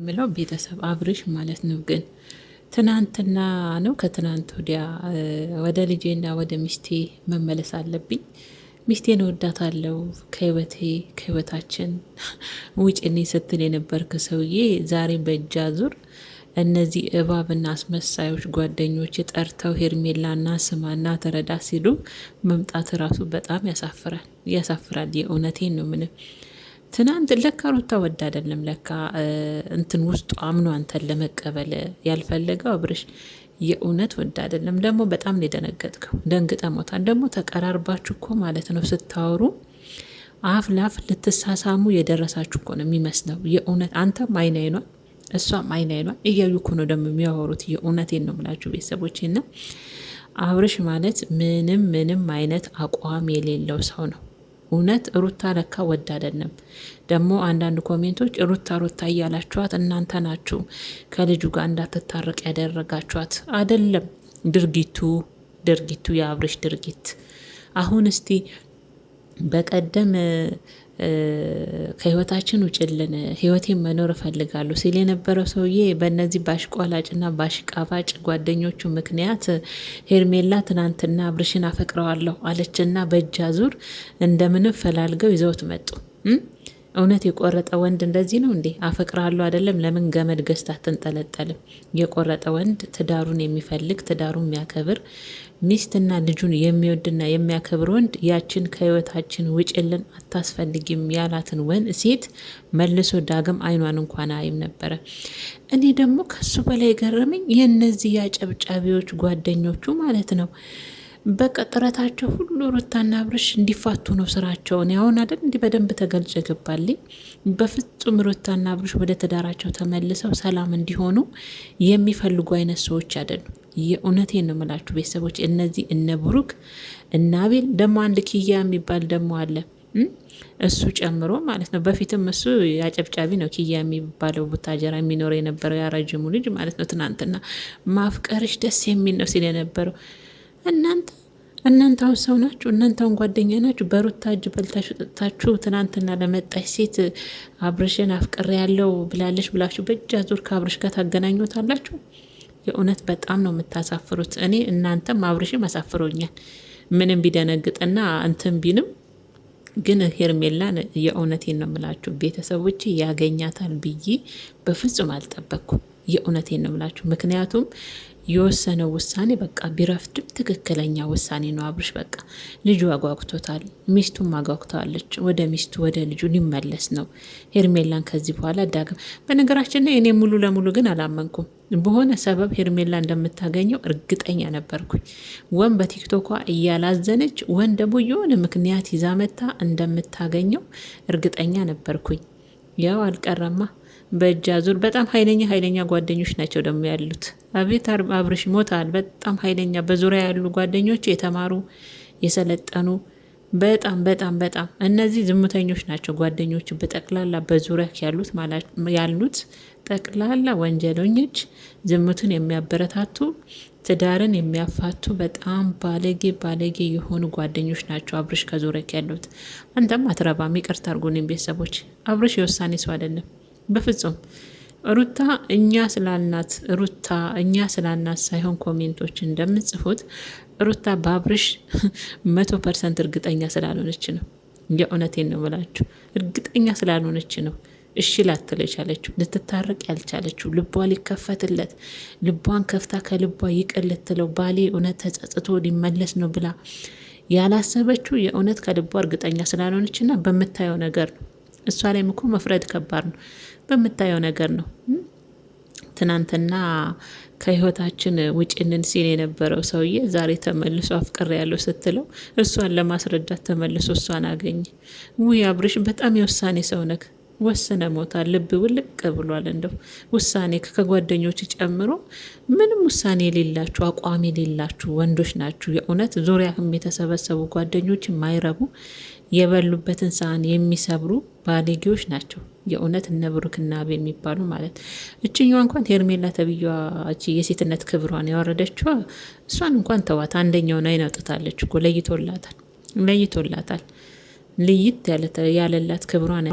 የምለው ቤተሰብ አብርሽ ማለት ነው። ግን ትናንትና ነው ከትናንት ወዲያ ወደ ልጄና ወደ ሚስቴ መመለስ አለብኝ። ሚስቴን እወዳታለሁ፣ ከህይወቴ ከህይወታችን ውጭኔ ስትል የነበርክ ሰውዬ ዛሬ በእጃ ዙር እነዚህ እባብና አስመሳዮች ጓደኞች ጠርተው ሄርሜላና ስማና ተረዳ ሲሉ መምጣት ራሱ በጣም ያሳፍራል፣ ያሳፍራል። የእውነቴን ነው ምንም ትናንት ለካ ሩታ ወድ አይደለም ለካ እንትን ውስጡ አምኖ አንተን ለመቀበል ያልፈለገው አብርሽ የእውነት ወድ አይደለም። ደግሞ በጣም ነው የደነገጥከው። ደንግጠ ሞታል። ደግሞ ተቀራርባችሁ እኮ ማለት ነው ስታወሩ አፍ ላፍ ልትሳሳሙ የደረሳችሁ እኮ ነው የሚመስለው። የእውነት አንተም አይን አይኗል፣ እሷም አይን አይኗል። እያዩ እኮ ነው ደግሞ የሚያወሩት። የእውነት ነው የምላችሁ ቤተሰቦቼ እና አብርሽ ማለት ምንም ምንም አይነት አቋም የሌለው ሰው ነው። እውነት ሩታ ለካ ወድ አይደለም። ደግሞ አንዳንድ ኮሜንቶች ሩታ ሩታ እያላችኋት እናንተ ናችሁ ከልጁ ጋር እንዳትታረቅ ያደረጋችኋት። አይደለም ድርጊቱ ድርጊቱ የአብርሽ ድርጊት። አሁን እስቲ በቀደም ከህይወታችን ውጭልን፣ ህይወቴን መኖር እፈልጋለሁ ሲል የነበረው ሰውዬ በእነዚህ ባሽቋላጭና ባሽቃባጭ ጓደኞቹ ምክንያት ሄርሜላ ትናንትና አብርሽን አፈቅረዋለሁ አለችና በእጅ አዙር እንደምንም ፈላልገው ይዘውት መጡ። እውነት የቆረጠ ወንድ እንደዚህ ነው እንዴ? አፈቅርሃለሁ አይደለም? ለምን ገመድ ገዝታ አትንጠለጠልም? የቆረጠ ወንድ ትዳሩን የሚፈልግ ትዳሩን የሚያከብር ሚስትና ልጁን የሚወድና የሚያከብር ወንድ ያችን ከህይወታችን ውጭልን አታስፈልጊም ያላትን ወን ሴት መልሶ ዳግም አይኗን እንኳን አይም ነበረ። እኔ ደግሞ ከሱ በላይ ገረመኝ የእነዚህ ያጨብጫቢዎች ጓደኞቹ ማለት ነው በቃ ጥረታቸው ሁሉ ሩታና አብርሽ እንዲፋቱ ነው ስራቸውን ያሁን አይደል እንዲህ በደንብ ተገልጾ ይገባልኝ። በፍጹም ሩታና አብርሽ ወደ ትዳራቸው ተመልሰው ሰላም እንዲሆኑ የሚፈልጉ አይነት ሰዎች አይደሉም። የእውነቴን ነው የምላችሁ ቤተሰቦች። እነዚህ እነ ብሩክ እነ አቤል ደግሞ አንድ ኪያ የሚባል ደግሞ አለ እሱ ጨምሮ ማለት ነው። በፊትም እሱ አጨብጫቢ ነው ኪያ የሚባለው ቡታጀራ የሚኖረው የነበረው ያረጅሙ ልጅ ማለት ነው። ትናንትና ማፍቀርሽ ደስ የሚል ነው ሲል የነበረው እናንተ እናንተውን ሰው ናችሁ? እናንተውን ጓደኛ ናችሁ? በሩታ እጅ በልታችሁ ጠጥታችሁ ትናንትና ለመጣች ሴት አብርሽን አፍቅሬ ያለው ብላለች ብላችሁ በእጅ አዙር ከአብርሽ ጋር ታገናኙታላችሁ። የእውነት በጣም ነው የምታሳፍሩት። እኔ እናንተም አብርሽም አሳፍሮኛል። ምንም ቢደነግጥና እንትን ቢንም ግን ሄርሜላን የእውነቴን ነው የምላችሁ ቤተሰቦች ያገኛታል ብዬ በፍጹም አልጠበቅኩም። የእውነቴን ነው ብላችሁ ምክንያቱም የወሰነው ውሳኔ በቃ ቢረፍድም ትክክለኛ ውሳኔ ነው። አብርሽ በቃ ልጁ አጓጉቶታል፣ ሚስቱም አጓጉተዋለች። ወደ ሚስቱ ወደ ልጁ ሊመለስ ነው። ሄርሜላን ከዚህ በኋላ ዳግም በነገራችን ላይ እኔ ሙሉ ለሙሉ ግን አላመንኩም። በሆነ ሰበብ ሄርሜላ እንደምታገኘው እርግጠኛ ነበርኩኝ። ወን በቲክቶኳ እያላዘነች ወን ደግሞ የሆነ ምክንያት ይዛ መታ እንደምታገኘው እርግጠኛ ነበርኩኝ። ያው አልቀረማ በእጅ አዙር በጣም ኃይለኛ ኃይለኛ ጓደኞች ናቸው ደግሞ ያሉት። አቤት አብርሽ ሞታል። በጣም ኃይለኛ በዙሪያ ያሉ ጓደኞች የተማሩ የሰለጠኑ በጣም በጣም በጣም እነዚህ ዝሙተኞች ናቸው ጓደኞቹ በጠቅላላ በዙሪያ ያሉት ያሉት ጠቅላላ ወንጀለኞች፣ ዝሙትን የሚያበረታቱ ትዳርን የሚያፋቱ በጣም ባለጌ ባለጌ የሆኑ ጓደኞች ናቸው አብርሽ ከዙሪያ ያሉት። አንተም አትረባም። ይቅርታ አድርጉልኝ ቤተሰቦች። አብርሽ የውሳኔ ሰው አይደለም። በፍጹም ሩታ እኛ ስላልናት ሩታ እኛ ስላልናት ሳይሆን ኮሜንቶች እንደምጽፉት ሩታ በአብርሽ መቶ ፐርሰንት እርግጠኛ ስላልሆነች ነው። የእውነቴን ነው ብላችሁ እርግጠኛ ስላልሆነች ነው እሺ ላትል የቻለችው ልትታረቅ ያልቻለችው ልቧ ሊከፈትለት ልቧን ከፍታ ከልቧ ይቅር ልትለው ባሌ እውነት ተጸጽቶ ሊመለስ ነው ብላ ያላሰበችው የእውነት ከልቧ እርግጠኛ ስላልሆነችና በምታየው ነገር ነው። እሷ ላይም እኮ መፍረድ ከባድ ነው። በምታየው ነገር ነው። ትናንትና ከህይወታችን ውጭንን ሲል የነበረው ሰውዬ ዛሬ ተመልሶ አፍቅር ያለው ስትለው እሷን ለማስረዳት ተመልሶ እሷን አገኘ። ውይ አብርሽ በጣም የውሳኔ ሰው ነክ ወስነ ሞታል። ልብ ውልቅ ብሏል። እንደው ውሳኔ ከጓደኞች ጨምሮ ምንም ውሳኔ የሌላችሁ አቋም የሌላችሁ ወንዶች ናችሁ። የእውነት ዙሪያህም የተሰበሰቡ ጓደኞች የማይረቡ የበሉበትን ሰሃን የሚሰብሩ ባለጌዎች ናቸው። የእውነት እነ ብሩክና አቤ የሚባሉ ማለት እችኛዋ እንኳን ሄርሜላ ተብዬዋ የሴትነት ክብሯን ያወረደችዋ እሷን እንኳን ተዋት። አንደኛውን አይን አውጥታለች እኮ ለይቶላታል፣ ለይቶላታል። ልይት ያለላት ክብሯን